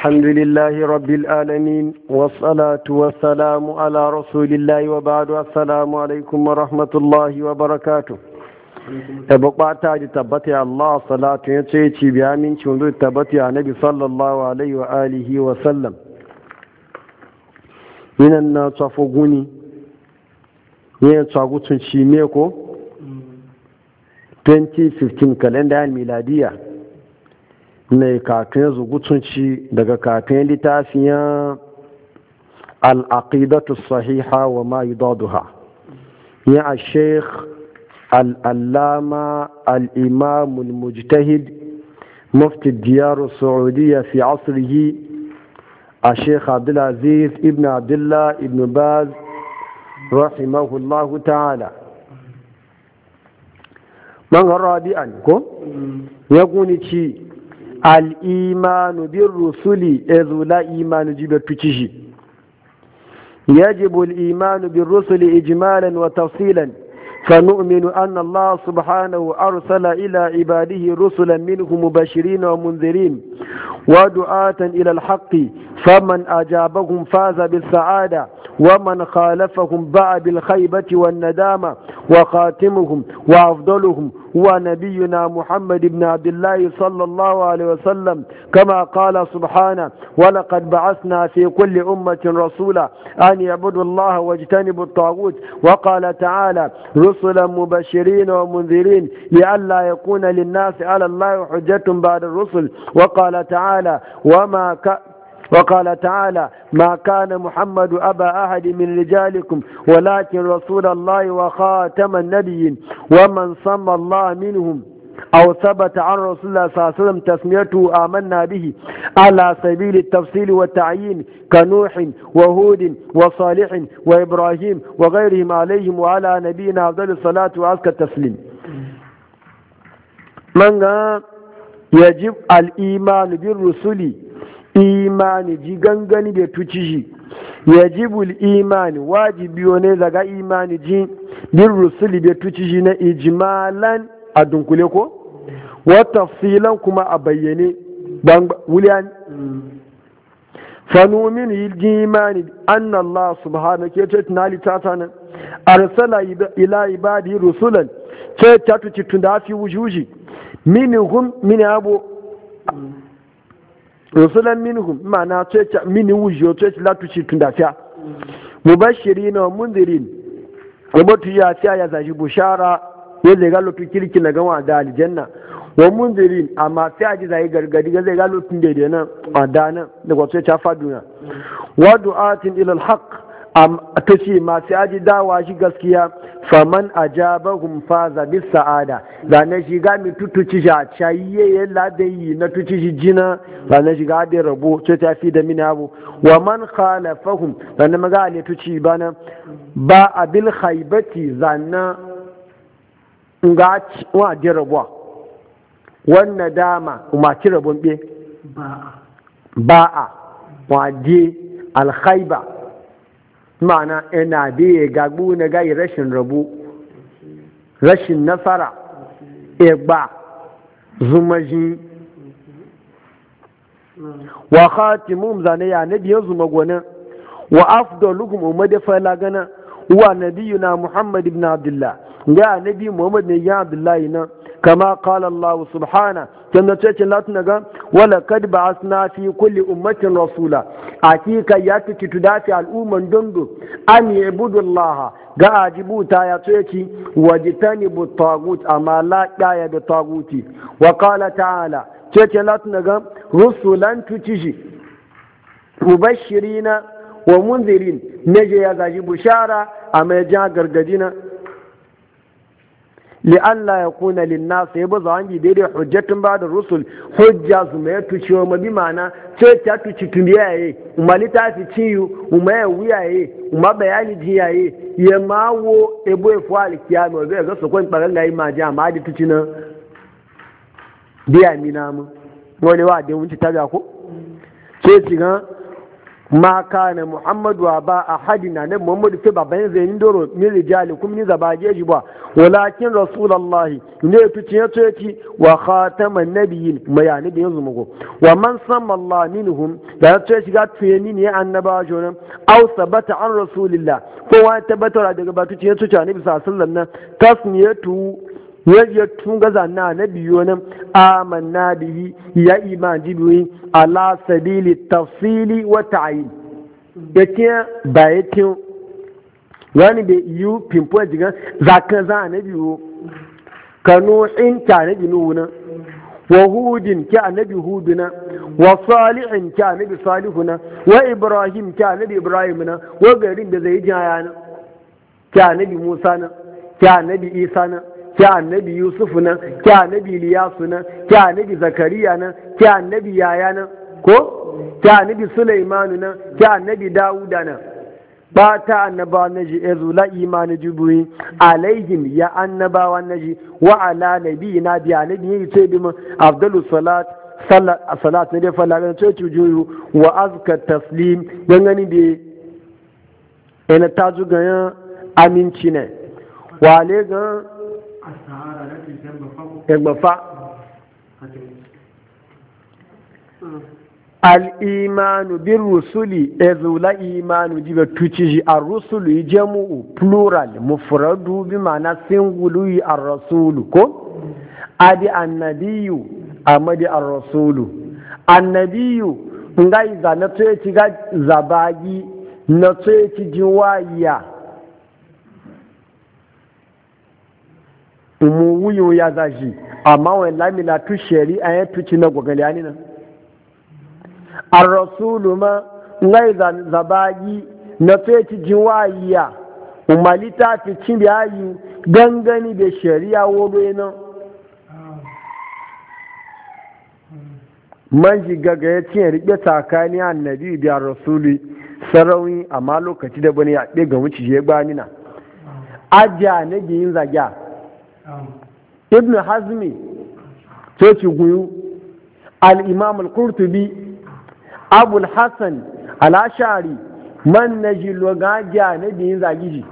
الحمد لله رب العالمين والصلاة والسلام على رسول الله وبعد السلام عليكم ورحمة الله وبركاته tabbata ji tabbata Allah salatu ya ce na tsafo guni yin tsagutun shi ko 2015 kalenda miladiya ne katun zugutunci daga katun littafiyan al’aƙidatu sahiha wa ma yudaduha ya a sheikh al'allama al'imamul mujtahid mufti diyaru saudiya fi asirhi a sheikh abdulaziz ibn abdullah ibn baz rahimahullahu ta'ala man rabi'an ko ya guni ci al'imanu bin rusuli ya zula imanu jibe tukishi yajibul imanu bin rusuli ijmalan wa tafsilan فنؤمن أن الله سبحانه أرسل إلى عباده رسلا منهم مبشرين ومنذرين ودعاة إلى الحق فمن أجابهم فاز بالسعادة ومن خالفهم باع بالخيبة والندامة وخاتمهم وأفضلهم هو نبينا محمد بن عبد الله صلى الله عليه وسلم كما قال سبحانه ولقد بعثنا في كل أمة رسولا أن يعبدوا الله واجتنبوا الطاغوت وقال تعالى رسلا مبشرين ومنذرين لئلا يكون للناس على الله حجة بعد الرسل وقال تعالى وما ك... وقال تعالى ما كان محمد أبا أحد من رجالكم ولكن رسول الله وخاتم النبي ومن صم الله منهم أو ثبت عن رسول الله صلى الله عليه وسلم تسميته آمنا به على سبيل التفصيل والتعيين كنوح وهود وصالح وإبراهيم وغيرهم عليهم وعلى نبينا أفضل الصلاة وأزكى التسليم من يجب الإيمان بالرسل إيمان جيغانغاني بتوتشي يجب الإيمان واجب يونيزا إيمان جي بالرسل بتوتشي إجمالا أدنكوليكو Wata tafsilan kuma a bayyane wuliyan fanumin yijimani anna Allah subhanahu ke ce tunali ta sanan arsala ila ibadi rusulan ce ta tuci tunda fi wujuji minhum mini abu rusulan minhum ma'ana ce ta mini wujuji ce ta tuci tunda fi mubashirin na mundirin kuma ya ta ya zaji bushara ya zai galo kirki na gama da aljanna wa munzirin amma sai a ji zai gargadi ga zai ga lokacin daidai nan a dana da kwato ta faduna wa du'atin ila alhaq ta ce masu aji dawa shi gaskiya faman ajabahum faza bis sa'ada zane shi ga mi tutuci shi a cayiye ya yi na tuci shi jina zane shi ga da rabo ce ta fi da mini abu wa man khalafahum zane maga ale tuci bana ba abil khaibati zane nga wa da rabuwa wannan dama kuma ci rabon ɓe ba'a wadi alhaiba ma'ana ina biye gagu na gai rashin rabu rashin nasara egba zumaji wa khatimum zane ya nabi yanzu gwana? wa afdalukum umma da fala gana wa nabiyuna muhammad ibn abdullah ga annabi muhammad ne ya abdullahi nan kama qala allah subhana kan da latin la ga wala kad ba'athna fi kulli ummatin rasula akika ya tuki tudafi al'umman dondo an yabudu allah ga ajibuta ya ce wajitani bu tagut amma ya da taguti wa qala ta'ala cece ce la tun ga rusulan tuci mubashirina wa munzirin ne ya gaji bushara a mai ja gargadina Li Allah ya kuna linnasa ya baza wangi daidai hujjatun ba da rusul hujja su mai tuci wa mabi mana ce ta tuci tumbiya ye umma litafi ciyu umma ya wuya ye umma bayani jiya ye ya ma wo ebo efu alikiyami wa bai ya su kwan ɓaran ga yi ma ji amma adi tuci na biya mina mu wani wa adin wunci tabi ko ce ci gan ma kana muhammadu wa ba na ne muhammadu fi bayan zai doro min rijali kuma ni zaba geji ba walakin rasulullahi ne tuci ya tuci wa khataman nabiyyin mayani da yanzu mugo wa man samma allah minhum da ya tuci shiga tuyeni ne annaba jonan aw sabata an rasulillah ko wa tabbatar daga batuci ya tuci annabi sallallahu alaihi wasallam tasniyatu yaje tun gaza na na biyo nan amanna bihi ya iman jibi ala sabili tafsili wa ta'yin yake baye tun wani be yu pimpo jiga zakan za na biyo kanu in ta na biyo nan wa hudin ki annabi huduna wa salihin ki annabi salihuna wa ibrahim ki annabi ibrahimuna wa garin da zai jaya nan ki annabi musa nan ki annabi isa na. ki annabi yusuf nan ki annabi liyasu nan ki annabi zakariya nan ki annabi yaya nan ko ki annabi sulaimanu nan ki annabi dawuda nan ba ta annaba na ji ezu la imani jibuyi alaihim ya annabawa na ji wa ala nabi na bi nabi yi ce bi mu abdullu salat salat ne dai ne ce ci juyu wa azka taslim dan gani bi ina ta zuga aminci ne wa ga ẹgbọ̀fá al'imanu bin rusuli ezula imanu jiba tuciji a rusulu yi jamu'u plural mufradu bi ma'ana singulu yi a rasulu ko adi annabiyu amadi a rasulu annabiyu ngai za na tsoye ci ga zabagi na tsoye ci jiwaya mu ya zaji amma wani lamila tu shari'a ya tuci na gwagali ani nan ar rasulu ma ngai zabagi na feci jiwayiya umali ta fi cin ayi gangani da shari'a wolo yana man shiga ga ya cin rike tsakani annabi da rasulu sarauni amma lokaci da bane a ɗe ga wuce ya gbanina ajiya na yin zagya ibn hazmi coci guyu al-imam al-qurtubi abul hassan al-ashari man na ji logaja na biyin zagiji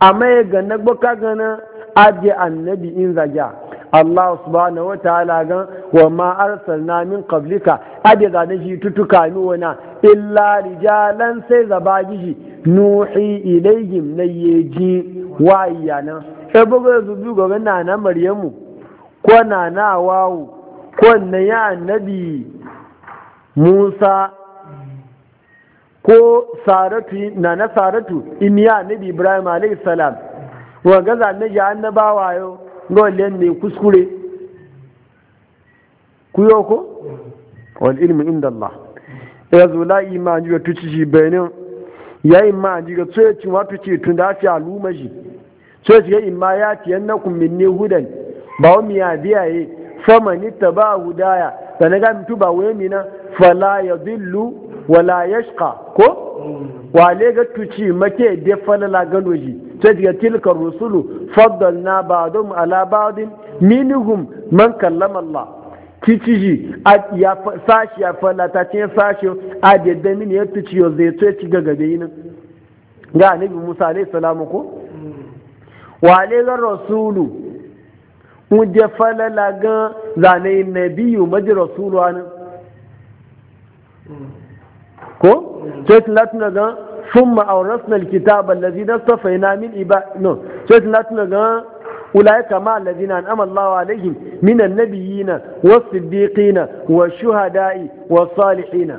amma ya ga na gbaka gana aje annabi in zaga Allah subhanahu wa ta'ala gan wa ma arsalna min qablika aje ga na tutuka ni wana illa rijalan sai zabagiji nuhi ilaihim na yeji wayanan sai bugu da zubi gobe na na maryamu ko na na wawu ko na ya annabi musa ko saratu na na saratu in ya annabi ibrahim alayhi salam wa ga zanne ya annabawa yo ngole ne kuskure kuyo ko wal ilmu inda allah ya zula imani ya tuci shi bayanin ya imani ga tsoye cin wata ce tun da fi aluma shi sai in ma ya tiyan na kumminni hudan ba wa miya biyaye fama ni ta ba hudaya sannan ga mutu ba wa mina fala ya zillu wala ya shka ko le ga tuci make da falala ganoji sai ga tilkar rusulu faddal na ba ala ba'adun minihum man kallama Allah kiciji ya sashi ya falata ce sashi a da mini ya tuci yau zai tuci ga gabe yi nan ga annabi musa alaihi salamu ko wale ga rasulu muje falala ga zane nabiyu maji rasulu anan ko sai latina ga summa awrasna alkitaba allazi nastafaina min iba no sai latina ga أولئك مع الذين أنعم الله عليهم من النبيين والصديقين والشهداء والصالحين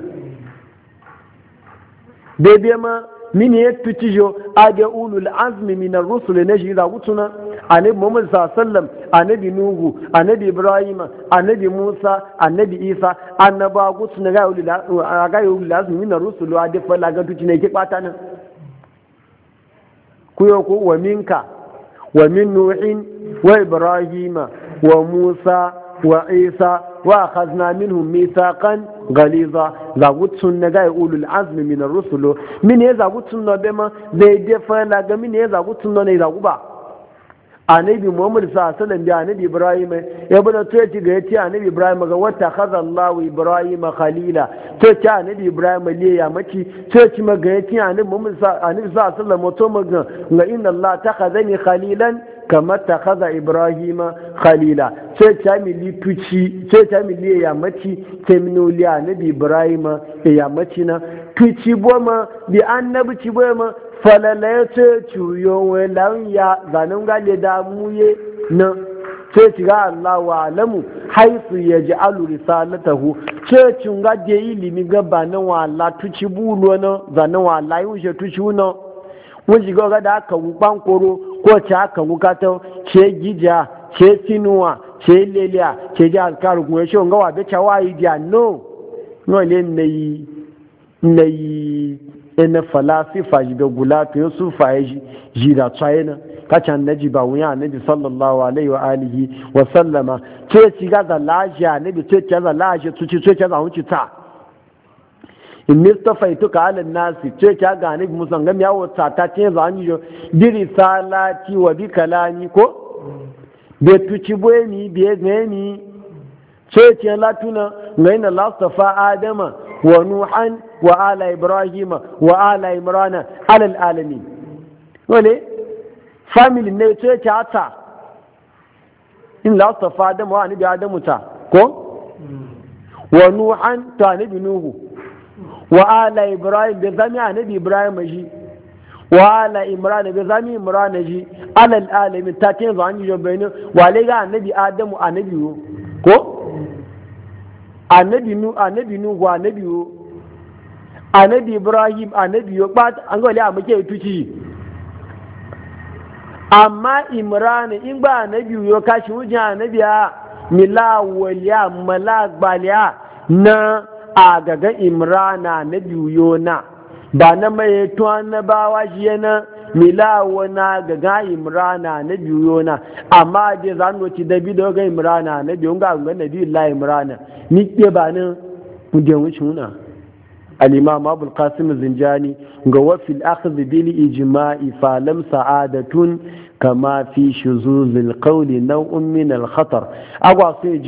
دي بيما min ya tuci yo ade ulul azmi min ar-rusul ne shi da gutuna annabi Muhammad sallam annabi Nuhu annabi Ibrahim annabi Musa annabi Isa annaba gutuna ga ulul ga ulul azmi min ar-rusul ade fala ga tuci ne ke kwata nan kuyo ko wa minka wa min nuhin wa Ibrahim, wa musa wa isa wa akhadna minhum kan ghaliza zagutsun na gai ulul azmi min ar-rusul min ya zagutsun na be ma zai je fa la ga min ya zagutsun na ne zaguba annabi muhammad sallallahu alaihi wasallam da annabi ibrahim to ya ga yace annabi ibrahim ga wata khadha allah ibrahim khalila to ya ci annabi ibrahim le ya maci to ma ga ma ga inna khalilan kamar ta kaza ibrahima khalila ce ta mili tuci ta ya maci ibrahima ya maci na tuci boma bi annabi boma falala ya ce cuyon wai ya zanen gale da muye na ce ci ga Allah wa alamu haisu ya ji alu risalatahu ce cin ga je ilimi ga ba na wa Allah tuci bulu na zanen wa Allah yi wuce tuci wuna wun shiga ga da aka wuban koro ko ci haka kuka ta ce gija ce sinuwa ce leliya ce ji alkaru kuma shi ngawa da cewa yi diya no no ne na yi na yi ina falasifa ji da gulatu ya su ya ji da china kacan na ji ba wuya na ji sallallahu alaihi wa alihi wa sallama ce ci gaza lajiya na bi ce ci gaza lajiya tuci ce ci gaza hunci ta in ka ala nasi ce ka ga ni musan gam ya wata ta ce za ni yo bi salati wa bi kalani ko be tuci boye ni be ne ni ce ce latuna ngaina lastafa adama wa nuhan wa ala Ibrahim, wa ala imrana ala alamin wale family ne ce ce ata in lastafa adama wa ni bi adamu ta ko hmm. wa nuhan ta ni bi nuhu wa ala ibrahim bi zami annabi ibrahim ji wa ala imran bi zami imran ji ala alalami ta zo an yi jobe ne wa le ga annabi adamu annabi wo ko annabi nu annabi nu wa annabi wo annabi ibrahim annabi wo ba an ga le a muke tuci amma imran in ba annabi wo kashi wujin annabi a mila waliya mala gbaliya na a gaga imrana na biyu na ba na mai tuwa na bawa shi yana milawa na gaga imrana na biyu na amma da za mu ci da da ga imrana na biyu ga ga biyu Allah imrana ni ke ba nan mu je mu shuna al-imam zinjani ga wa fil bil ijma'i lam sa'adatun kama fi shuzuzil qawli naw'un min al-khatar agwa sai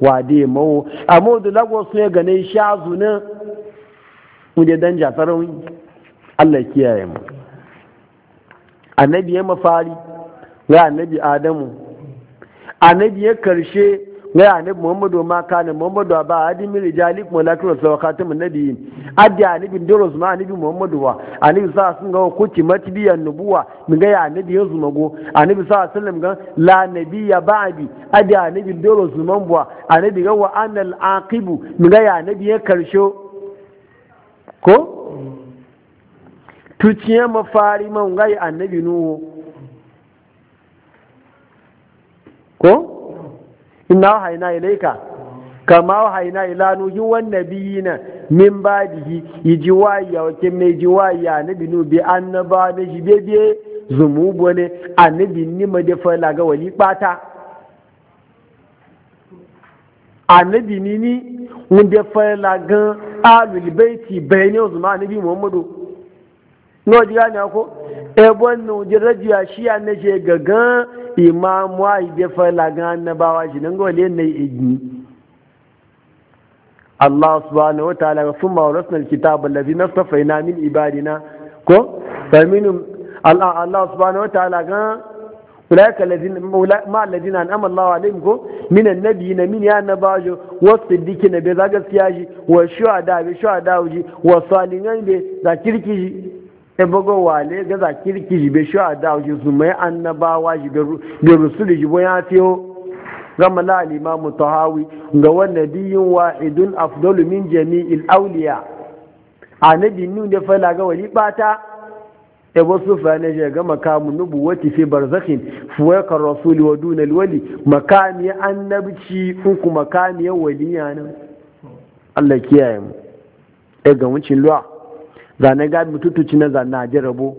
wade mawo amma da lagos ne gane sha zuna wunde dan jasarun Allah kiyaye mu annabi ya mafari ga annabi adamu annabi ya karshe ya ne muhammadu ma kana muhammadu ba adimi rijali kuma lakin rasul wa khatamu nabiyyin adi annabi diros ma annabi muhammadu wa annabi sa sun ga kuki matbiyan nubuwa min ga annabi yanzu mago annabi sa sallam ga la nabiyya ba'di adi annabi diros man bua annabi ga wa anal aqibu min ga annabi ya karsho ko tuciye mafari man ga annabi nuhu ko inna wahayna ilayka kama wahayna ila nuhi wan nabiyina min badihi yiji waya wake mai ji waya nabi nu bi annaba ne shi bebe zumubo ne annabi ni ma da la ga wali pata annabi ni ni wanda la ga alul baiti bayani zuma annabi muhammadu lọ́wọ́ jíra ni ako ẹbọ nù jẹrẹjì àṣìyà ní ṣe gàgán ìmáàmù àìdẹ́fẹ́ làgán anábáwá ṣì ní ngọ́ lẹ́nu èyí. Allah subhanahu wa ta'ala sun ma'auratun alkitab allazi nastafa ina min ibadina ko faminu Allah Allah subhanahu wa ta'ala gan ulaika allazina ma allazina an'ama Allah alaihim ko min annabiyina min ya nabajo wa siddiqina be za gaskiya shi wa shuhada be shuhada uji wa salihin be ebogo wale gaza kirki jibe shi a da ji su mai annabawa jibe da rusul jibo ya fiyo gama la alimamu tahawi ga wannan biyin wa'idun afdalu min jami'il awliya a na nun da fala ga wali bata e wasu fane je ga makamu wati fi barzakhin fuwaka rasuli wa duna alwali makami annabci ku makami waliya nan Allah kiyaye mu e ga wucin lu'a zane ga mututuci na zane a na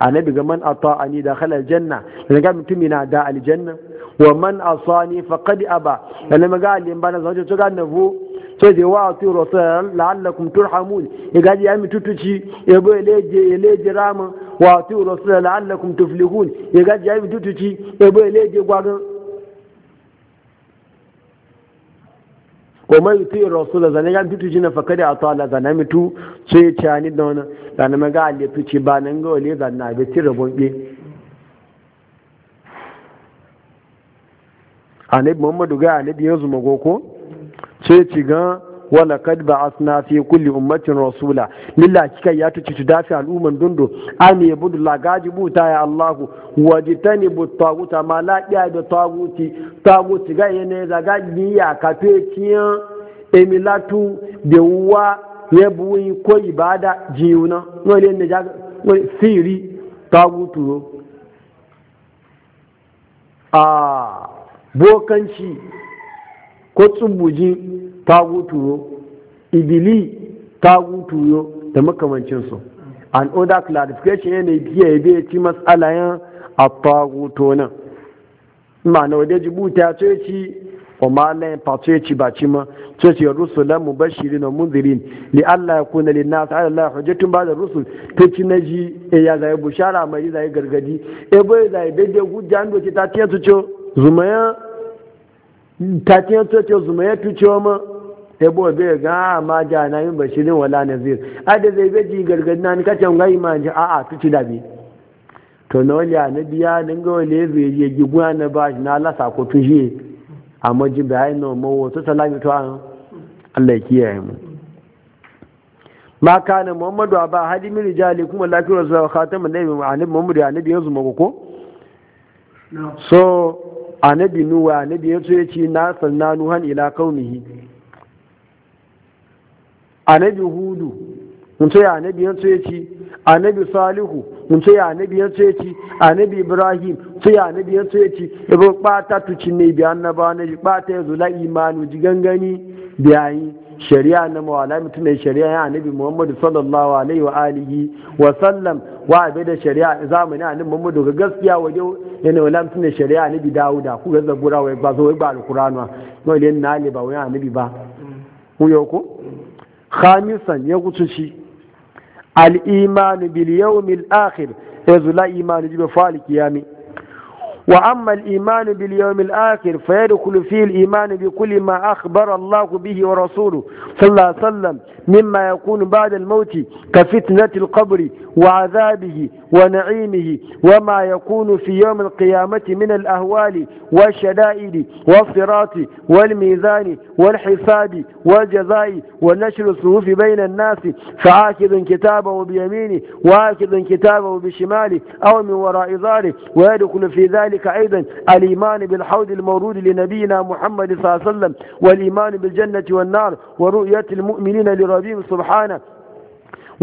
annabi ga man ata ni da khalal janna zane ga mutumi na da aljanna wa man faƙaɗi a ba da na maga alim na zaunce to ga bu to je wa atu rasul la'allakum turhamun ya gaji ya mututuci ya bo ya eleje rama wa atu rasul la'allakum tuflihun ya gaji ya mututuci ya bo ya eleje gwagan kuma yi tuyi rasu da zane gani tutu jina fa da ato ala zane mitu so ya ci ani dona zane maga a lefi ce ba nan ga wale zane abin ti rabon ɓe bi anabi muhammadu ga anabi yanzu magoko so ya ci gan wala kad ba'athna fi kulli ummatin rasula lilla kika ya tuci tu dafi al'umman dundo ani yabudu la gajibu ya allah wajitani bu taguta ma la da taguti taguti ga yene za ga ka fe emilatu de wa yebu yi ko ibada jiuna le ne ja siri tagutu a ah, bokanci ko tsubuji tagutuyo ibili tagutuyo da makamancinsu an order clarification yana biya ya biya ci matsala yan a taguto nan ma na ya jibu ta ce ci o ma la pa ce ci ba ci ma ce ci rusul mubashirin mu munzirin li alla yakuna lin nas ala allah hujjatun ba'da rusu ta ci na ji e ya zai bushara mai ji zai gargadi e eh, boye zai bede hujja ando ci ta ci to zumaya ta ci to ci zumaya tu ci ma bo bai ga ah, ma ja na yin bashirin wala nazir a da zai bai ji gargadi na nika can gai ma ji a'a tu ci dabi to na wani na biya na ga ya zai yi giguwa na ba shi na lasa ko tun shi a majin bayan na mawa to salami to an Allah ya kiyaye mu ma kana muhammadu hadi hadimin rijali kuma lafiyar zuwa khatamin nabi ma'ani muhammadu ya nabi yanzu mako ko so nabi nuwa nabi yanzu ya ce na sanna nuhan ila kaunihi annabi hudu mun ce annabi yan ce ci annabi salihu mun ce annabi yan ce ci annabi ibrahim ce annabi yan ce ci ibo bata tuci ne bi annaba ne bata yanzu la imanu ji gangani ayi shari'a na mawala mutum ne shari'a ya annabi muhammadu sallallahu alaihi wa alihi wa sallam wa abai da shari'a zamani annabi muhammadu ga gaskiya waje yana wala mutum ne shari'a annabi dawuda ku ga zabura wai ba zo wai ba alqur'ani wai na ne ba wai annabi ba ku yau ko khamisan ya gutuci al-iman bil yawmil akhir yazula iman jibe fal kiyami wa amma al-iman bil yawmil akhir fayadkhulu fi al-iman bi kulli ma akhbara Allah bihi wa rasuluhu sallallahu alaihi wasallam yakunu ba'da al ka fitnati al wa ونعيمه وما يكون في يوم القيامة من الأهوال والشدائد والصراط والميزان والحساب والجزاء ونشر الصفوف بين الناس فعاكد كتابه بيمينه وآكد كتابه بشماله أو من وراء ظهره ويدخل في ذلك أيضا الإيمان بالحوض المورود لنبينا محمد صلى الله عليه وسلم والإيمان بالجنة والنار ورؤية المؤمنين لربهم سبحانه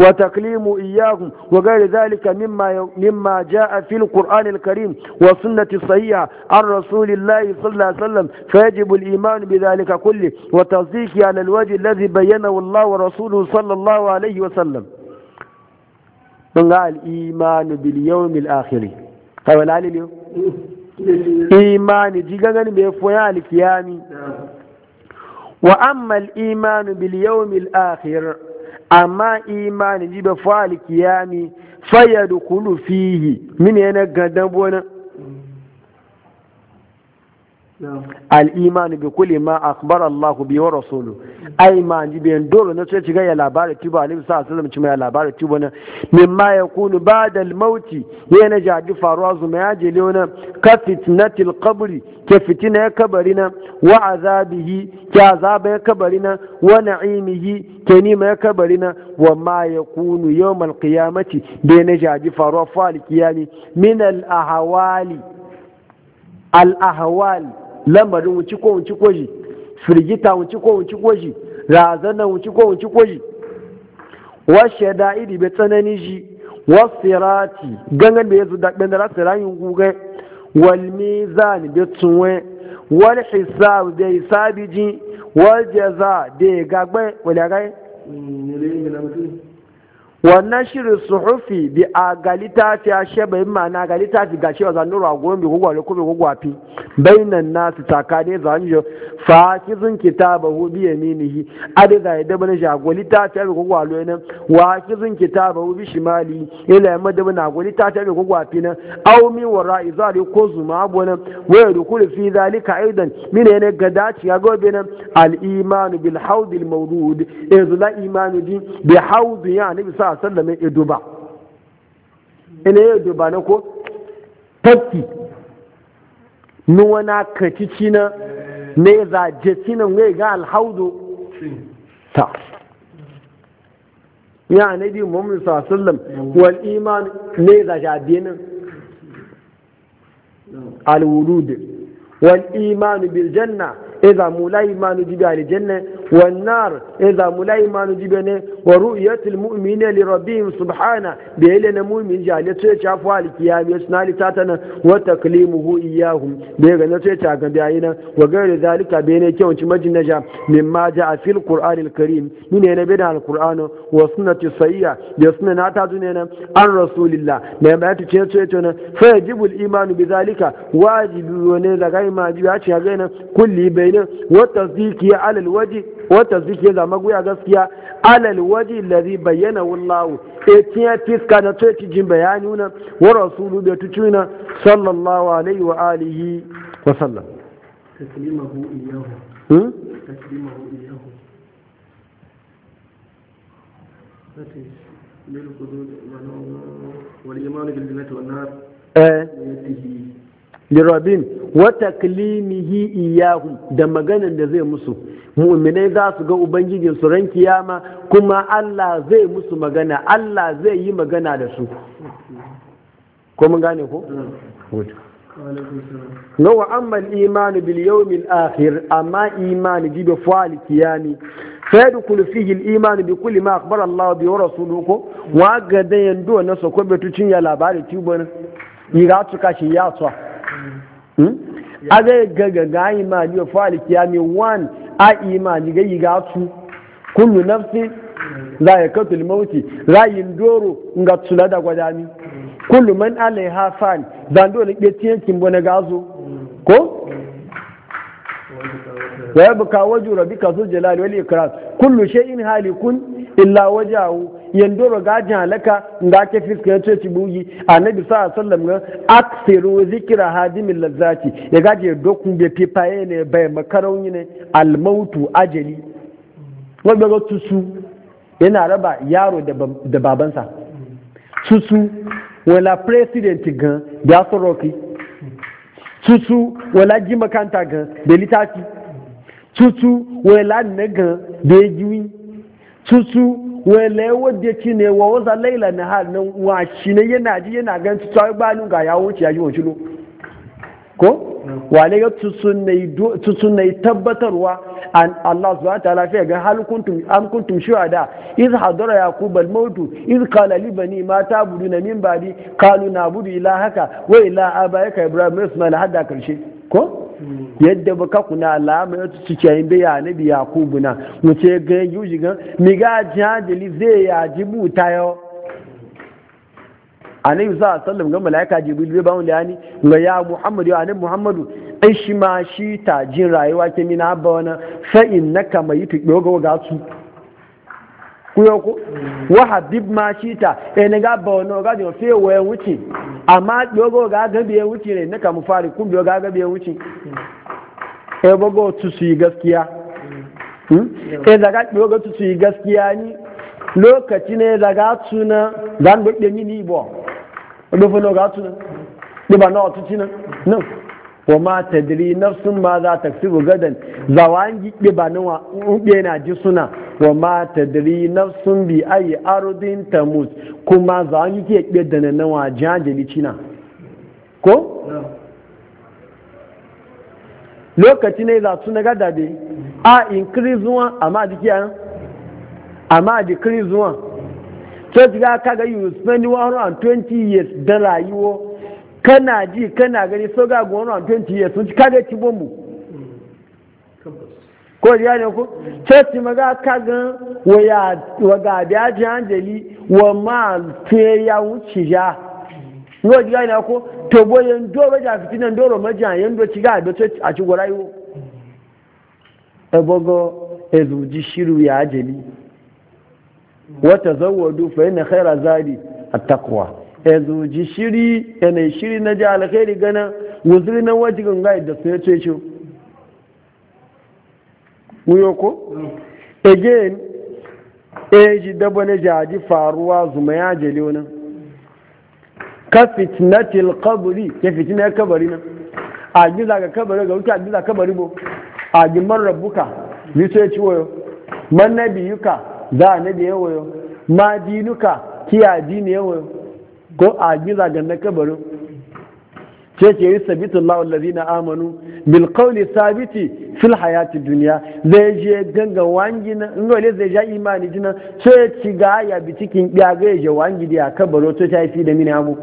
وتكليم إياهم وغير ذلك مما مما جاء في القرآن الكريم والسنة الصحيحة عن رسول الله صلى الله عليه وسلم فيجب الإيمان بذلك كله وتصديقه على الوجه الذي بينه الله ورسوله صلى الله عليه وسلم من الإيمان باليوم الآخر هو اليوم إيمان جيغان بيفويا الكيامي وأما الإيمان باليوم الآخر amma imani ji da fa'al kiyami fayyadu kulu fihi min na gadan bonan al'imanu bi kulli ma akhbar Allah bi wa rasulu ai ma ji bi dole na sai ciga ya labari tuba alim sa sallam ci mai labari tuba na mimma yakunu ba'da al-maut ya na jadi faruwa zuma ya je leona ka fitnatil qabri ke fitina ya kabari na wa azabihi ke azaba ya kabari na wa na'imihi ke nima ya kabari na wa ma yakunu yawm al-qiyamati bi na jadi faruwa fa al-qiyami min al-ahwali al-ahwali lambarin wuci ko wuci ko shi firgita wuci ko wuci ko shi razana wuci ko wuci ko shi washe da'idi bai tsanani shi wasirati gangan da ya zo daɗin da rasu rayin gugai wal mizan bai tsunwe wal hisab da hisabi ji wal jaza da ya gagbe wal ya wannan shirin suhufi bi a galita fi a sheba yin ma'ana galita fi ga shewa zanen ragon bi kogwa kuma fi bainan nasu takane zanjo fa ki zun kitaba hu bi yaminihi ade ga yadda bana shago litafi bi kogwa lo ne wa ki zun kitaba hu bi shimali ila yamma da bana go litafi bi kogwa fi na? aw mi wara izali ko zuma abona wa yadkhulu fi zalika aidan min gada gadaci ga gobe nan al iman bil haud al mawdud izla imanu di bi haud ya bi sa sa sallame ya duba ina ya duba na ko tafki nuwana kacici na ne zaje cinan wai ga alhaudu ta ya annabi muhammad sallallahu alaihi wasallam wal iman ne zaje nan al wulud wal iman bil janna idza e mulai imanu jibi al janna والنار إذا ملاي ما نجيبنا ورؤية المؤمن لربهم سبحانه بيلنا مؤمن جعل يتشع فوالي كيام يسنا لتاتنا وتكليمه إياهم بيغنا يتشع بيعينا وغير ذلك بينا كون تمجن نجا مما جاء في القرآن الكريم من هنا بنا القرآن وسنة الصحية يسنا ناتاتنا عن رسول الله نعم أتشعنا فيجب الإيمان بذلك واجب ونزغي ما جاء كل بين وتصديقه على الوجه wata zuke zama maguya gaskiya alal waji lazi bayyana wallahu e tiya fiska na to jin bayani na wa rasulu bi tutuna sallallahu alaihi wa alihi wa sallam taslimahu iyahu hmm taslimahu iyahu للقدود والإيمان بالجنة والنار آه. lirabin wata klimihi iyahu da maganan da zai musu mu'minai za su ga ubangijin su ran kiyama kuma Allah zai musu magana Allah zai yi magana da su ko mun gane ko na wa amma imanu bil yawmil akhir amma imanu bi fa'al kiyami fayadkhulu fihi al iman bi kulli ma akhbara Allah bi wa rasuluhu wa ga da yando na so ko betu cin ya labari yi ga tuka shi ya tsawa Hmm? a zai gaga ga imani wa fa'al kiyami wan a imani ga yi gatu kullu nafsi za ya katul a rayin doro nga tula da gwadami kullu man alaiha fan zando ne ke tiyankin na gazo ko wa yabka wajhu rabbika zul jalali wal ikram kullu shay'in halikun illa wajahu yandoro gajin halaka da ke fiska ya ce bugi annabi sa sallam ga aksiru zikira hadimin lazzati ya gaje dokun bai fifaye ne bai makarauni ne almautu ajali wanda ga tusu yana raba yaro da babansa tusu wala president gan ya soroki tutu wala ji makanta gan da litafi tutu wala nagan gan da ya jiwi tutu wele wadda ci ne wa wasa laila na har nan wa shi ne yana ji yana gan ci tsawon bayan ga ya wuce ya ji wa shilo ko wale ga tusunai tabbatarwa an Allah subhanahu wa ta'ala fi ga hal kuntum am kuntum shuhada iz hadara yaqub al mautu iz qala li bani ma ta'buduna min ba'di qalu na'budu ilahaka wa ila abaika ibrahim ismail hadda karshe ko yadda ba ka kuna alama yadda tuci yayin bai ya nabi yakubu na wuce ga yuji gan mi ga jihadili zai ya jibu tayo annabi a sallam ga malaika ba wanda ya ni ga ya muhammadu ya annabi muhammadu in shi ma shi ta jin rayuwa ke mina ba wani kama yi mayitu ga ga su kuyo ko wa habib ma shita e, hmm? e ne ga ba no ga jo fe wa wuce amma dogo ga ga biye wuce ne naka mu fari kun dogo ga ga biye wuce e bago tu su yi gaskiya e da ga dogo tu su yi gaskiya ni lokaci ne da ga tuna zan bu de ni bo do fa no ga tuna do ba no tu tina no wa ma tadri nafsun ma za ta gadan zawangi ba nawa ubi na ji suna wa ma na sun bi ayi arudin tamus kuma za a yi ke kiyar da na nawa jajali cina ko lokaci ne za su naga dade a in kiri zuwa a ma jiki a a ma amma kiri zuwa so diga kaga you spend 120 years da rayuwa kana ji kana gani so ga 120 years sun ci kaga ci bombu ko ya ne ko ceci maga kagan waya waga biya ji hanjali wa ma te ya wuce ja ko ya ne ko to boyen doro ja fitinan doro maja an do ci ga do ceci a ci gorayo ebogo ezuji shiru ya ajali wata zawwadu fa inna khaira zadi at-taqwa ezuji shiri yana shiri na ji alkhairi gana wuzuri na wajin ga da sai ce shi ko again eji dabo na jaji faruwa zuma ya jeli wani ka fitnatil kabari ya fitina kabari nan a giza ga kabari ga wuta a kabari bo a gimar rabuka niso ya ci wayo man na biyuka za a na biya ma dinuka kiya dini ya ko a giza ga na kabarin ce ce yi sabitin la'ullazi na amanu bilkauli sabiti fil hayati duniya zai je ganga wangi na ngole zai ja imani jina ce ci ga ya bi cikin kyaga ya je wangi da kabaro to ta fi da mini amu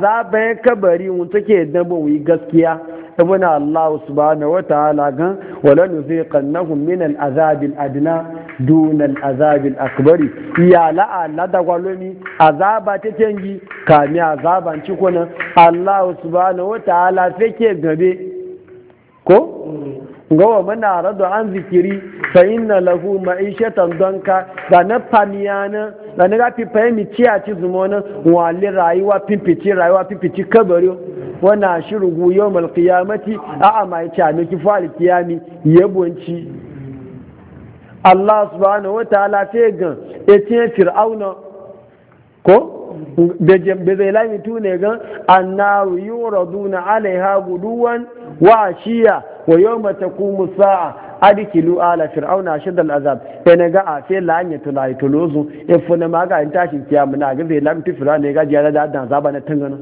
zaɓen kabari mun take da bon wi gaskiya ibn Allah subhanahu wa gan wala nuziqannahum min al-azab al-adna dunan azabin akbari ya la'ala da gwaloni azaba ta tengi kami azaban cikunan Allah subhanahu wa ta'ala fake gabe ko gawa mana rado an zikiri fa inna lahu ma'ishatan donka da na da na gafi fahimci a ci zumona wali rayuwa fifici rayuwa fifici kabari wana shirugu yawmal qiyamati a'a mai ci a fa'al kiyami yabonci Allah subhanahu wa ta'ala fe gan etin fir'auna ko be zai lami tune gan annaru yuraduna alaiha guduwan wa ashiya wa yawma taqumu sa'a adkilu ala fir'auna shadda al'azab Ina e ga a fe la anya tula itolozu e funa ma ga in tashin kiya na ga zai lami fir'auna ne ga jiya da dan zaba na tangana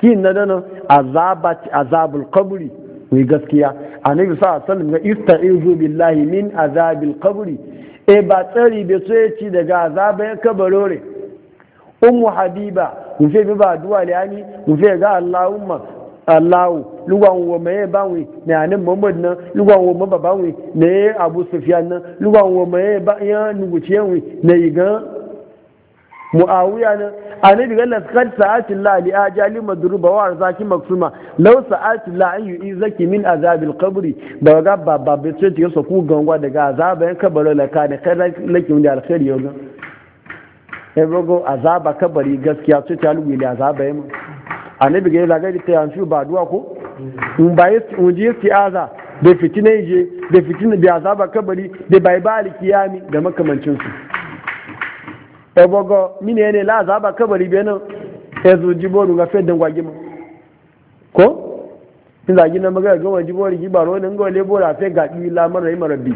kin na dana azabul qabri wi gaskiya annabi sa sallam ya ista'izu billahi min azabil qabri e ba tsari be so ya ci daga azabai kabarore ummu habiba mu fe ba le ani mu fe ga allahumma allahu lugan wo maye wi ne anin muhammad na lugan wo ma wi ne abu sufyan na lugan wo maye ba ya wi ne igan muawiya nan annabi ga laskar sa'atin la li ajali madruba wa zaki maksuma law sa'atin la an Zaki, min azabil qabri da ga babba be ce ce so ku gangwa daga yan kabari la ka ne kai laki da alkhairi yau ya rogo azaba kabari gaskiya ce ta lugu ne azaba yau annabi ga la ga ta yanzu ba duwa ko in ba da fitina je da fitina da azaba kabari da bai ba alikiyami da makamancinsu ebogo mini ene la azaba kabari beno ezu jiboru ga fedan gwagi mu ko in zagi na maga ga waji bori gi ne nan ga bora la fe ga bi la mara yi marabbi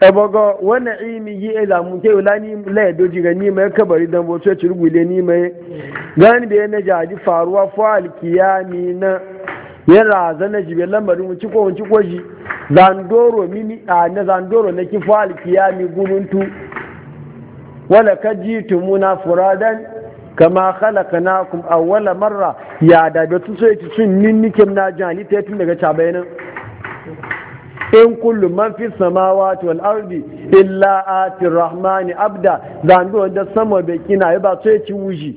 ebogo wana imi yi ila mun ke la ni la do ga ni mai kabari dan bo ce turgu le ni mai gani be na jaji faruwa fa alkiyami na ya raza na jibe lambarin mu ci ko ci ko ji zandoro mini a na zandoro na kifu alkiyami gununtu wala kajitu muna furadan kama khalaqnakum awwala marra ya da da tun sai tun nin na jali ta tun daga cabayin in kullu man fi samawati wal ardi illa ati rahmani abda zandoro da sama bai kina ba sai ci wuji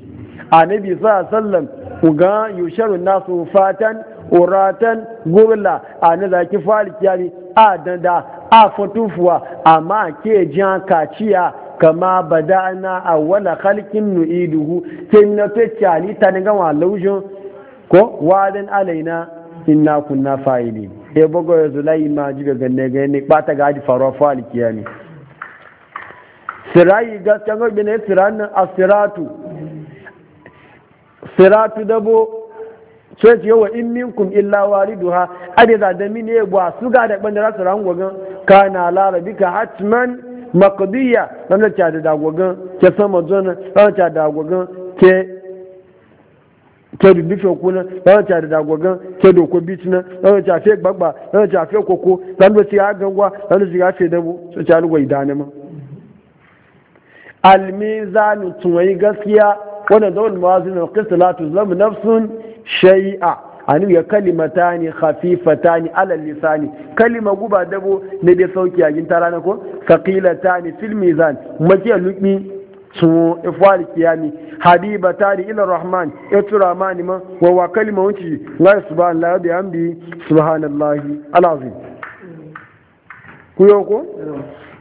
annabi sallallahu alaihi wasallam uga yusharu nasu fatan uratan gurla a na zaki fari kiyari a dada a fatufuwa amma ke jan kaciya kama badana a wala halkin nu'iduhu sai na to kyali ta ni gama laujin ko wadan alaina inna kunna fa'ili e bogo ya yi ma jiga ganne ga ne bata ga ji faruwa fari kiyari sirayi gaskiya ga bi ne siran siratu dabo sai ce yawa in minkum illa duha. ade za da mine gwa su ga da bandara su ran gogan kana Larabi ka hatman maqdiya dan da ta da gogan ke sama zona dan ta da gogan ke ke du bifo kuna dan ta da gogan ke do ko bitina dan ta fe gbagba dan ta fe koko dan do ti agan gwa dan do ti ga fe dabu so ta lu goyi dane ma al tuwai gaskiya wannan dawal mawazin al qisla tuzlam nafsun shay'a anu ya ta ne khafifata ne alal lisani kalima guba dabo na bai sauki a ginta rana ko saqilata ne fil mizan mace lukmi su ifwal kiyami habibata ne ila rahman yatura mani ma wa wa kalima su wuce la subhanallahi bi hamdi subhanallahi alazim kuyo ko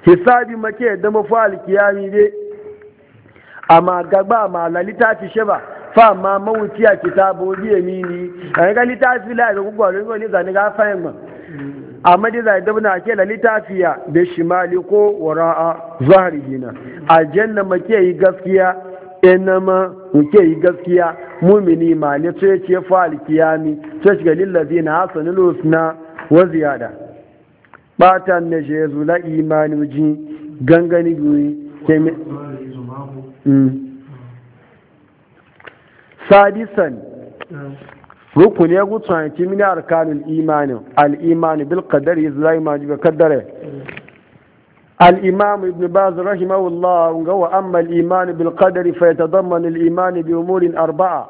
hisabi mace da mafal kiyami dai amma gaba ma lalita ce sheba fama mawuci a kitabu biye mini a ga littafi la da gugwa ne ko ne zani ga fahimma amma dai zai dabna ke da littafiya da shimali ko wara'a A zahrihina ma make yi gaskiya ma muke yi gaskiya mumini ma ne to ce fa alkiyami to shiga lillazina hasanul husna wa ziyada batan ne jesu la imani ji gangani biyu ke sadisan rukun ya gutsu a mini arkanin al imani bil kadari zai ma ji kaddare mm. الإمام ابن باز رحمه الله وأما الإيمان بالقدر فيتضمن الإيمان بأمور أربعة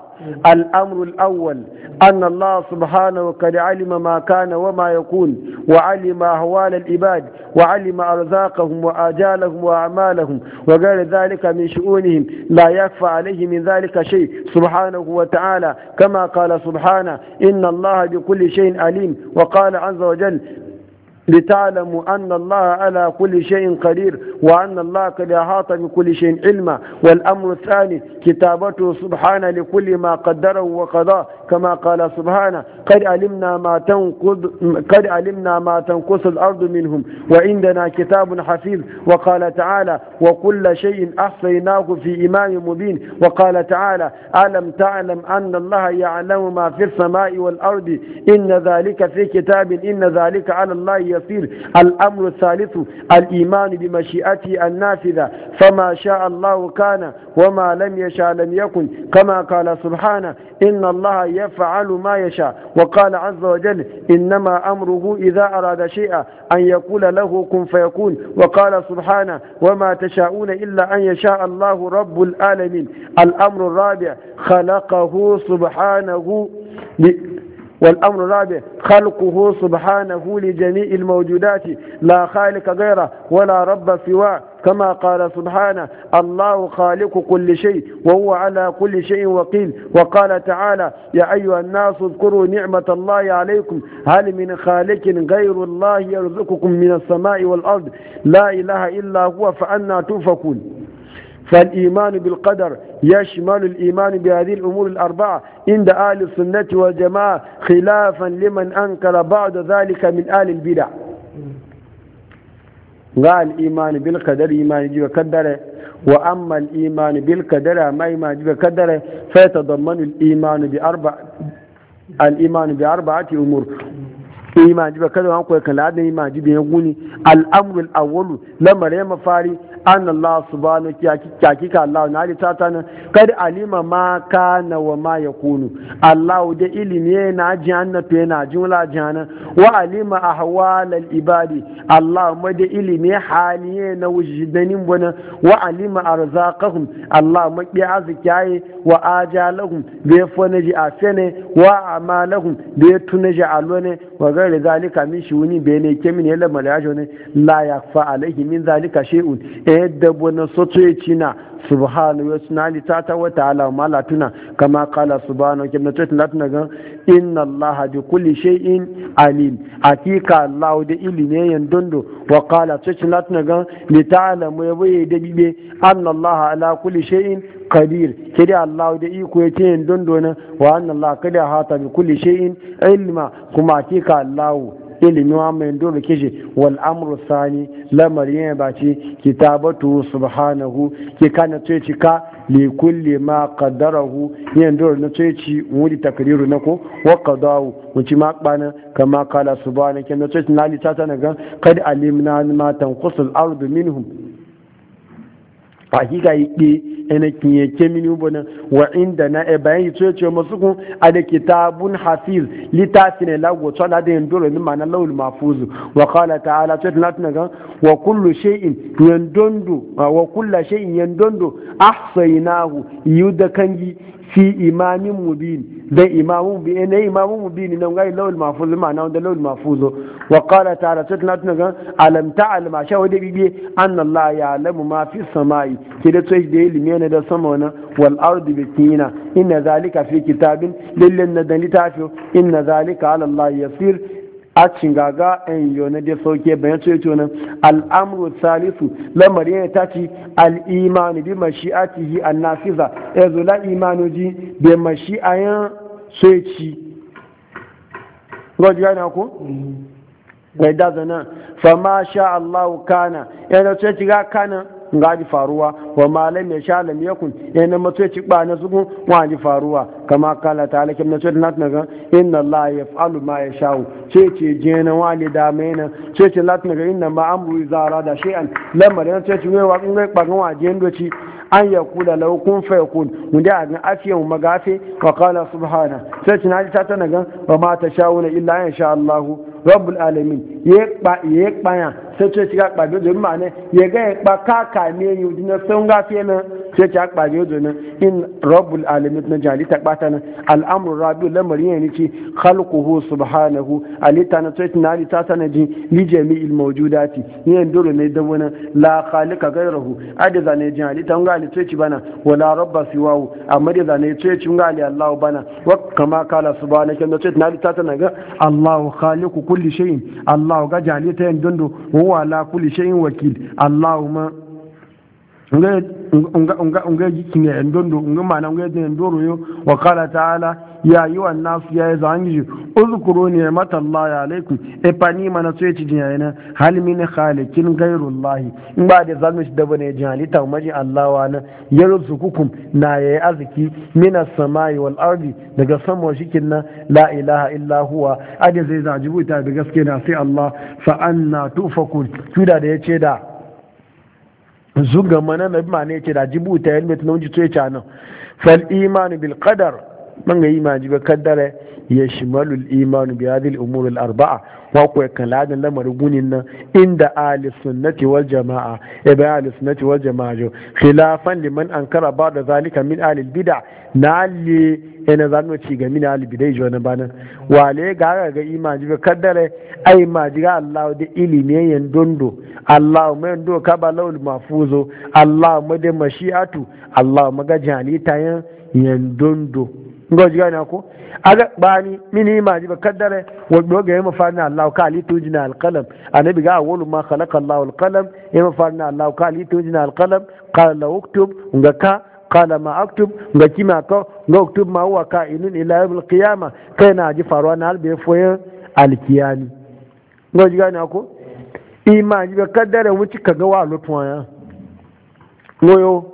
الأمر الأول أن الله سبحانه وقد علم ما كان وما يكون وعلم أهوال العباد وعلم أرزاقهم وآجالهم وأعمالهم وغير ذلك من شؤونهم لا يخفى عليه من ذلك شيء سبحانه وتعالى كما قال سبحانه إن الله بكل شيء عليم وقال عز وجل لتعلموا أن الله على كل شيء قدير وأن الله قد أحاط بكل شيء علما والأمر الثاني كتابته سبحانه لكل ما قدره وقضاه كما قال سبحانه قد علمنا ما تنقض قد علمنا ما تنقص الأرض منهم وعندنا كتاب حفيظ وقال تعالى وكل شيء أحصيناه في إمام مبين وقال تعالى ألم تعلم أن الله يعلم ما في السماء والأرض إن ذلك في كتاب إن ذلك على الله يصير الأمر الثالث الإيمان بمشيئته النافذة فما شاء الله كان وما لم يشاء لم يكن كما قال سبحانه إن الله يفعل ما يشاء وقال عز وجل إنما أمره إذا أراد شيئا أن يقول له كن فيكون وقال سبحانه وما تشاءون إلا أن يشاء الله رب العالمين الأمر الرابع خلقه سبحانه والأمر الرابع خلقه سبحانه لجميع الموجودات لا خالق غيره ولا رب سواه كما قال سبحانه الله خالق كل شيء وهو على كل شيء وقيل وقال تعالى يا أيها الناس اذكروا نعمة الله عليكم هل من خالق غير الله يرزقكم من السماء والأرض لا إله إلا هو فأنا توفكون فالإيمان بالقدر يشمل الإيمان بهذه الأمور الأربعة عند أهل السنة والجماعة خلافا لمن أنكر بعد ذلك من أهل البدع قال إيمان بالقدر إيمان جيب قدره وأما الإيمان بالقدر ما إيمان جيب قدره فيتضمن الإيمان بأربع الإيمان بأربعة أمور إيمان جيب قدر وأنكو يكن لعدنا إيمان جيب يقولي الأمر الأول لما ريما فاري an Allah subhanahu kyakika Allah na ta ta nan kad alima ma kana wa ma yakunu Allah da ilimi na ji annabi yana jumla jana wa alima ahwal al ibadi Allah ma da ilimi haliye na wujidanin bana wa alima arzaqahum Allah ma bi azkiyaye wa ajalahum bi fanaji afene wa amalahum bi tunaji alone wa gairi zalika min wuni bene kemin yalla malayajo ne la yakfa alaihi min zalika shay'un yadda wani soto ya ci na subhanu ya suna ta ta wata alama mala tuna kama kala subhanu ya kemna tuwa tuna tuna gan inna allaha bi kulli shay'in alim hakika allahu da ilimi yan dondo wa kala tuwa tuna tuna gan lita ala mu ya baye da bibe anna allaha ala kulli shay'in qadir kidi allahu da iko ya ce yan dondo na wa anna allaha kada hata bi kulli shay'in ilma kuma hakika allahu ilimi wa mai dole kishi wal amru sani lamarin ya bace kitabatu subhanahu ki kana ce ci ka li kulli ma qaddarahu yan dole na ce ci wuri takriru nako wa qadawu ci ma kbana kama kala subhanaka na ce na li ta ta na ga kad alimna ma tanqusul ardu minhum hakika yi ɗe ina kinye kemini ubana wa inda na e bayan yito yace masu kun a da kitabun hafiz litafi ne lagu to da yin ni mana lawul mahfuz wa qala ta'ala to na tuna gan wa kullu shay'in yandondo wa kullu shay'in yandondo ahsaynahu yuda kangi fi imamin mubin dan imamun bi ne imamun mubin eh, nan ga lawul mahfuz na da lawul mahfuz wa qala ta'ala tutna tun ga alam ta'al ma shawo da bibi anna allah ya'lamu ma fi samai ke da tsayi da ilimi ne da sama wannan wal ardi bitina inna zalika fi kitabin lillan nadalita fi inna zalika ala allah yasir a cingaga yau yone da sauke bayan su yau nan al'amru salisu lamari yana ta ci al'imanu bi mashi'atihi an nafiza ya e zo la imanu ji bi mashi'ayan su ya ci gwaji gani ko ga da zana fa ma sha Allah kana yana su ya ci ga kana nga ji faruwa wa malam ya sha lam yakun yana eh, mato ya ci ba na su wa ji faruwa kama kala ta alakim na ce na ga inna allah yaf'alu ma yasha'u ce ce na wali da na ce ce latin ga inna ma amru zara da shay'an lamar yana ce ce wa kun ga bagan wa ci, an ya kula lau kun fa yakun mun da ga afiyan magafe wa qala subhana sai ci naji ta tana ga ba ma ta sha'una illa in sha allah rabbul alamin ya ya sai ce shiga kpage zo ma ne ya ga ya kpa kaka ne yi wudi na sun gafe na sai ce kpage zo na in rabbul alamin na jali ta kpata na al'amru rabiu lamarin ya niki khalquhu subhanahu alita na sai na alita ta na ji li jami'il mawjudati ne en dole ne da wani la khaliqa ghayrahu adiza ne jali ta ga ali sai bana wala rabba siwahu amma da zane sai ci ga ali allah bana wa kama kala subhanaka na sai na alita ta na ga allah khaliqu kulli shay'in allah ga jali ta yin dondo wa ala kulli shay'in wakil allahumma nga jiki ne en dondo nga mana nga ne ndoro yo wa ta ta'ala ya yi wa nafi ya yi ne ya mata Allah alaykum e pani mana so ci jiya yana halimi na khaliqin gairu Allah in ba da zamu shi da bane jin halita maji Allah wa na kukun na ya yi arziki mina samai wal ardi daga sama shi na la ilaha illa huwa ade zai zaji buta da gaske na sai Allah sa'an na tufakun tuda da ce da zuga mana na bi ma ne ce da jibuta helmet na tunan ji tuye canan fal imanu bil qadar man yi ima ba kaddara ya shimalul imanu bi hadhihi al arbaa wa ku kala da lamar gunin nan inda ahli sunnati wal jama'a e ba ahli wal jama'a jo khilafan liman ankara ba'da zalika min ahli bid'a na ali yana zan ci ga min ahli bid'a na bana wale ga ga ima ji ba kaddara ai ma ji ga Allah da ilimi yan dondo Allah ma yan do kabalul mafuzo Allah ma da mashi'atu Allah ma ga yan dondo ngo jiga na ko aga bani mini ma ji ba kaddare wa ga yayi mafarna Allah ka li tujina al qalam anabi ga awwalu ma khalaqa Allah al qalam yayi mafarna Allah ka li tujina al qalam qala la uktub nga ka qala ma aktub nga kima ka nga uktub ma wa ka ka'inun ila yawm alqiyama kai na ji faruwa na al albe foyin alkiyani ngo jiga na ko ima ji ba kaddare wuci kaga wa lutwa ya ngoyo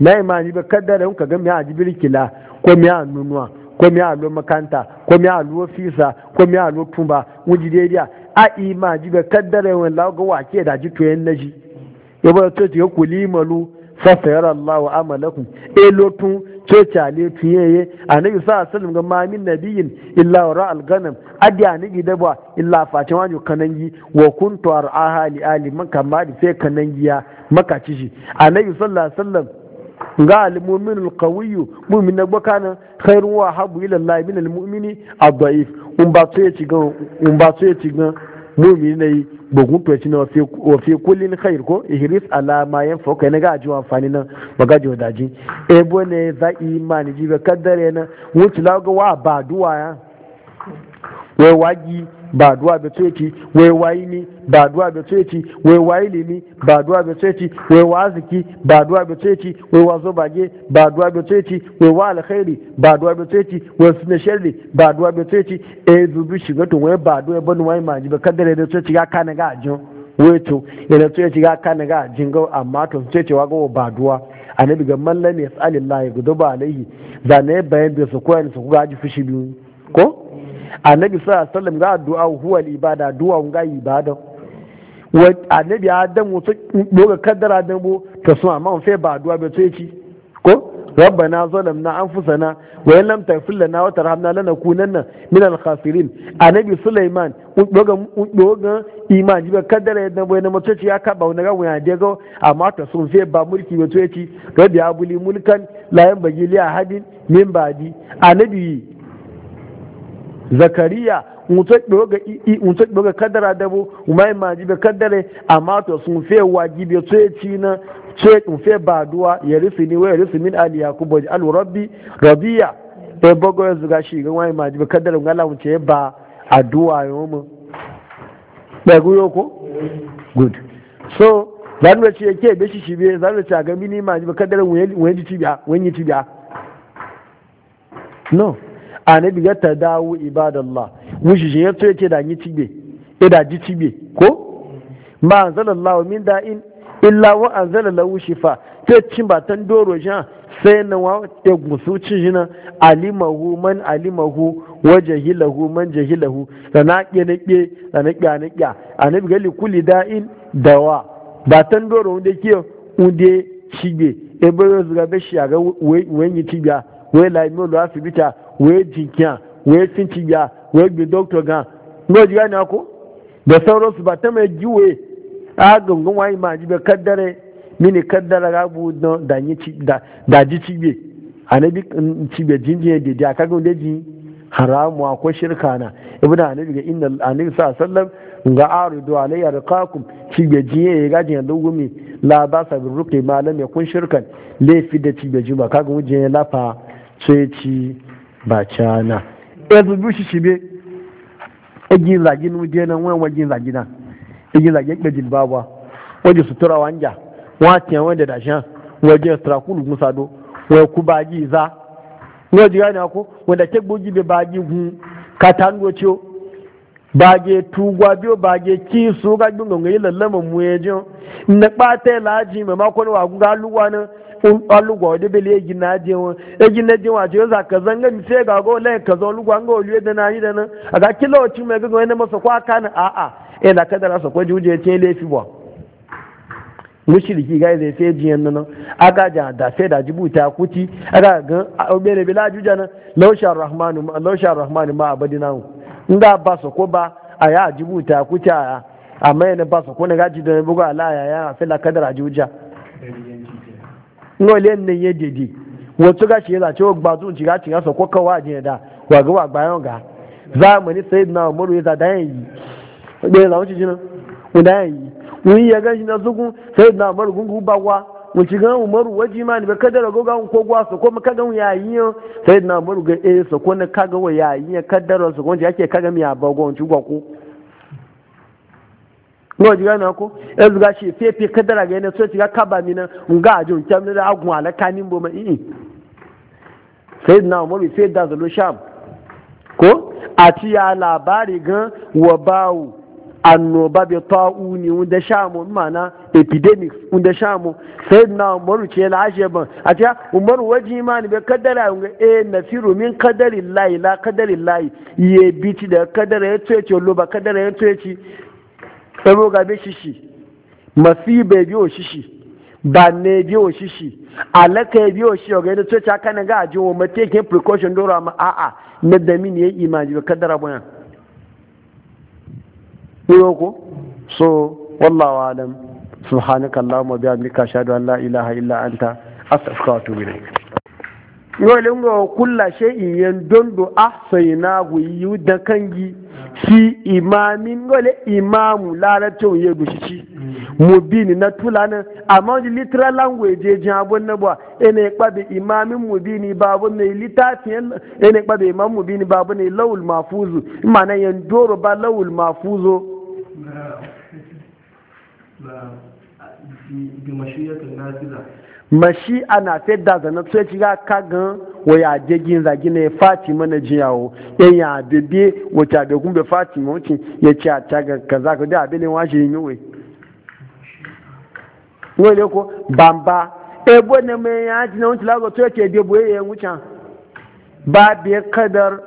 na ima ji ba kaddare ka ga mi kila ko mi a nunuwa ko a lo makanta ko a lo fisa ko a lo tumba wuji daidai a ima ji ga kaddara yawan lawa ke da ji toyen na ji ya bada to ti ku limalu sayara Allah wa amalakum e lotun to chale tiyeye anabi sa sallam ga ma min nabiyin illa ra al ganam adi annabi da ba illa fatin wani kanangi wa kuntu ar ahali ali man sai kanangiya makaci shi sallallahu alaihi wasallam ga al-mu'min al-qawi mu'min na bakana khairun wa habu ila Allah min al-mu'mini ad-da'if un ba so yaci gan un ba so yaci gan mu'min ne bugun to yaci na wa fi kullin khair ko ihris ala ma yanfa kai na ga ji amfani nan ba ga ji daji e bo ne za imani ji ga kaddare na wuce la ga wa ba duwa ya wai wagi ba duwa be tsoyeci wai wayi ni ba duwa be tsoyeci wai wayi limi ba duwa be tsoyeci wai waziki ba duwa be tsoyeci wai wazo bage ba duwa be tsoyeci wai wa alkhairi ba duwa be tsoyeci wai sunna sharri ba duwa be tsoyeci e zubi shiga to wai ba duwa ban wai maji ba kadare da tsoyeci ga kana ga ajin wai to yana tsoyeci ga kana ga ajin ga amma to tsoyeci wa ga ba duwa annabi ga man lam gudu ba alaihi zane bayan da su koyar su ga ji fushi biyu ko annabi sallallahu alaihi wasallam ga addu'a huwa ibada du'a ga ibada wa annabi adam wato doga kaddara dan bo to so amma fa ba addu'a be to yaci ko rabbana zalamna anfusana wa in lam taghfir lana wa tarhamna lanakunanna min al-khasirin annabi sulaiman doga doga imaji ba kaddara dan bo na mutuci ya kaba wani gawo ya de go amma to so fa ba mulki be to yaci rabbi abuli mulkan la yanbaghi li ahadin min ba'di annabi zakariya mutu ɗoga kadara dabo umar maji be kadare amma to sun fe wajibi to ya ci na tsoye ya fe baduwa ya rufi ni wa ya rufi min ali ya yakubu ji alu rabbi rabiya ɗaya bago ya zuga shi ga umar maji be kadare ngala wuce ya ba addu'a yo mu dagu yo ko good so zan ce yake be shi shi be zan ce ga mini maji be kadare wani tibiya no anabi ya ta dawo ibadallah wuce shi ya so yake da yi cibe ya da ji cibe ko ma anzalallahu min da'in illa wa anzala lahu shifa ta cin batan doro shi sai na wa ya gusu cin shi na alimahu man alimahu wa jahilahu man jahilahu da na ke na ke da na ke na ke anabi gali kulli da'in dawa batan doro wanda ke wanda cibe ebe yanzu ga bashi a ga wani cibiya wai laimi lo asibita wai jinkiya wai cinciya wai gbi doctor gan no ji gane ko da sauransu ba ta mai giwe a gungun wayi ma ji be kaddare mini kaddara ga bu da ni ci da da ji be anabi mm, be jinjiye da da kaga wanda ji haramu akwai shirka na ibnu anabi ga inna anabi sallallahu alaihi ga aridu alayya riqakum cibe jiye ya gaji ya lugumi la ba sa bi ruqi ma lam yakun shirkan lafi da ji ba kaga wuje lafa sai ci ba cana ya zubu shi shibe egi zagi nu wuje nan wani wajen zagi nan egi zagi ya jil babuwa waje sutura wanja watiyan yawon da shan wajen strakulu kulu musa do wai ku baji za waje gane ko wanda ke gbogi be baji hun katan ciyo bage tugwa biyo bage ki su ga dungon e ga yi lallama mu ya je na kpata laji mai makon wa ga luwa nan alugwa da bele egi na je won eji na je waje yoza ka zanga mi ga go le ka zo alugwa ngo na yi a aga kila ochi me ga wani masa kwa kana a a e da kadara so ko juje ce fi bo mushriki ga aga ja da da kuti aga ga obere bila juja nan lausha rahmanu lausha rahmanu ma nga ba ba aya jibuta kuti aya amma yana ba da ala ya ya fi la kadara ngole na ye dede wato ga shi za ce wa gbazun ci ga ci ga ko kawa je da wa ga za bayan ga zamani sayyidina ya da yan yi be za wuce jina ko da yan yi ya ga shi na zugu sayyidina umaru gungu bagwa mun ci ga umaru waji ma ni be kada ga ko gwa so ko ga ya yi sayyidina umaru ga eh so ko ne kaga wa ya yi so ko kaga mi ya ko jiga na ko ezuga shi fefe kadara ga ne, so ga kaba mi na, nga ajun kyamne da agun ala nin bo ma ii sai na bi sai da zalo sham ko ati ya labari gan wa bawu annoba bi ta'uni wanda shamu mana epidemics da shamu sai na ru ce la ashe ban ati ya umar waji imani be kadara ga e nasiru min kadari lahi la kadari lahi ye biti da kadara ya tuye ce lo ba kadara ya tuye ci ebo gabe shishi bai biyo shishi ba ne biyo shishi alaka ya biyo shi ga yadda tsoci aka na ga ajiyar wamma tekin precaution dora ma a'a na dami ne ya yi imaji ba kaddara bayan ko ko so wallahu alam subhanakallahumma bihamdika ashhadu an la ilaha illa anta astaghfiruka wa atubu ilayk yolin ga kulla shay'in yan dondo a ahsayna hu yu da kangi si imamin gole imamu lalacin ya gushi ci mubini na tulanin amma wani literal language je ji abun na ba ina ya kwabe imamin mubini babu ne littafin ina ya kwabe imam mubini babu ne lawul mafuzu na yan doro ba lawul mafuzo bi mashiyatun nazila mashi ana fedda zana sai ci ga kagan waya jegin zagi ne fatima na jiyawo yan ya bebe wata da gumbe fatima wuce ya ci a ta kaza ka da abin washe yi yiwe wale ko bamba ebo ne mai ya ji na wuce lago to yake bebo ya yan wuce ba biya kadar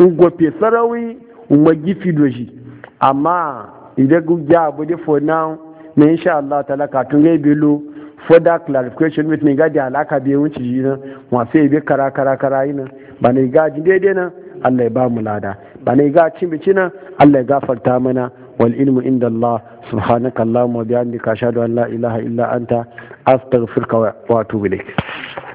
ngofe sarawi umargifi doji amma idan gugu ya abu da for now na insha Allah talaka tun gai bilo further clarification with ne gadi da alaka biyu wuce ji na wasu ya bi kara kara kara yi na ba na ga ji daidai na Allah ya ba mu lada ba na ga cin bici na, Allah ya gafarta mana wal ilmu inda Allah subhanaka Allahumma bihamdika ashhadu an allah, ilaha illa anta ta wa atubu ilayk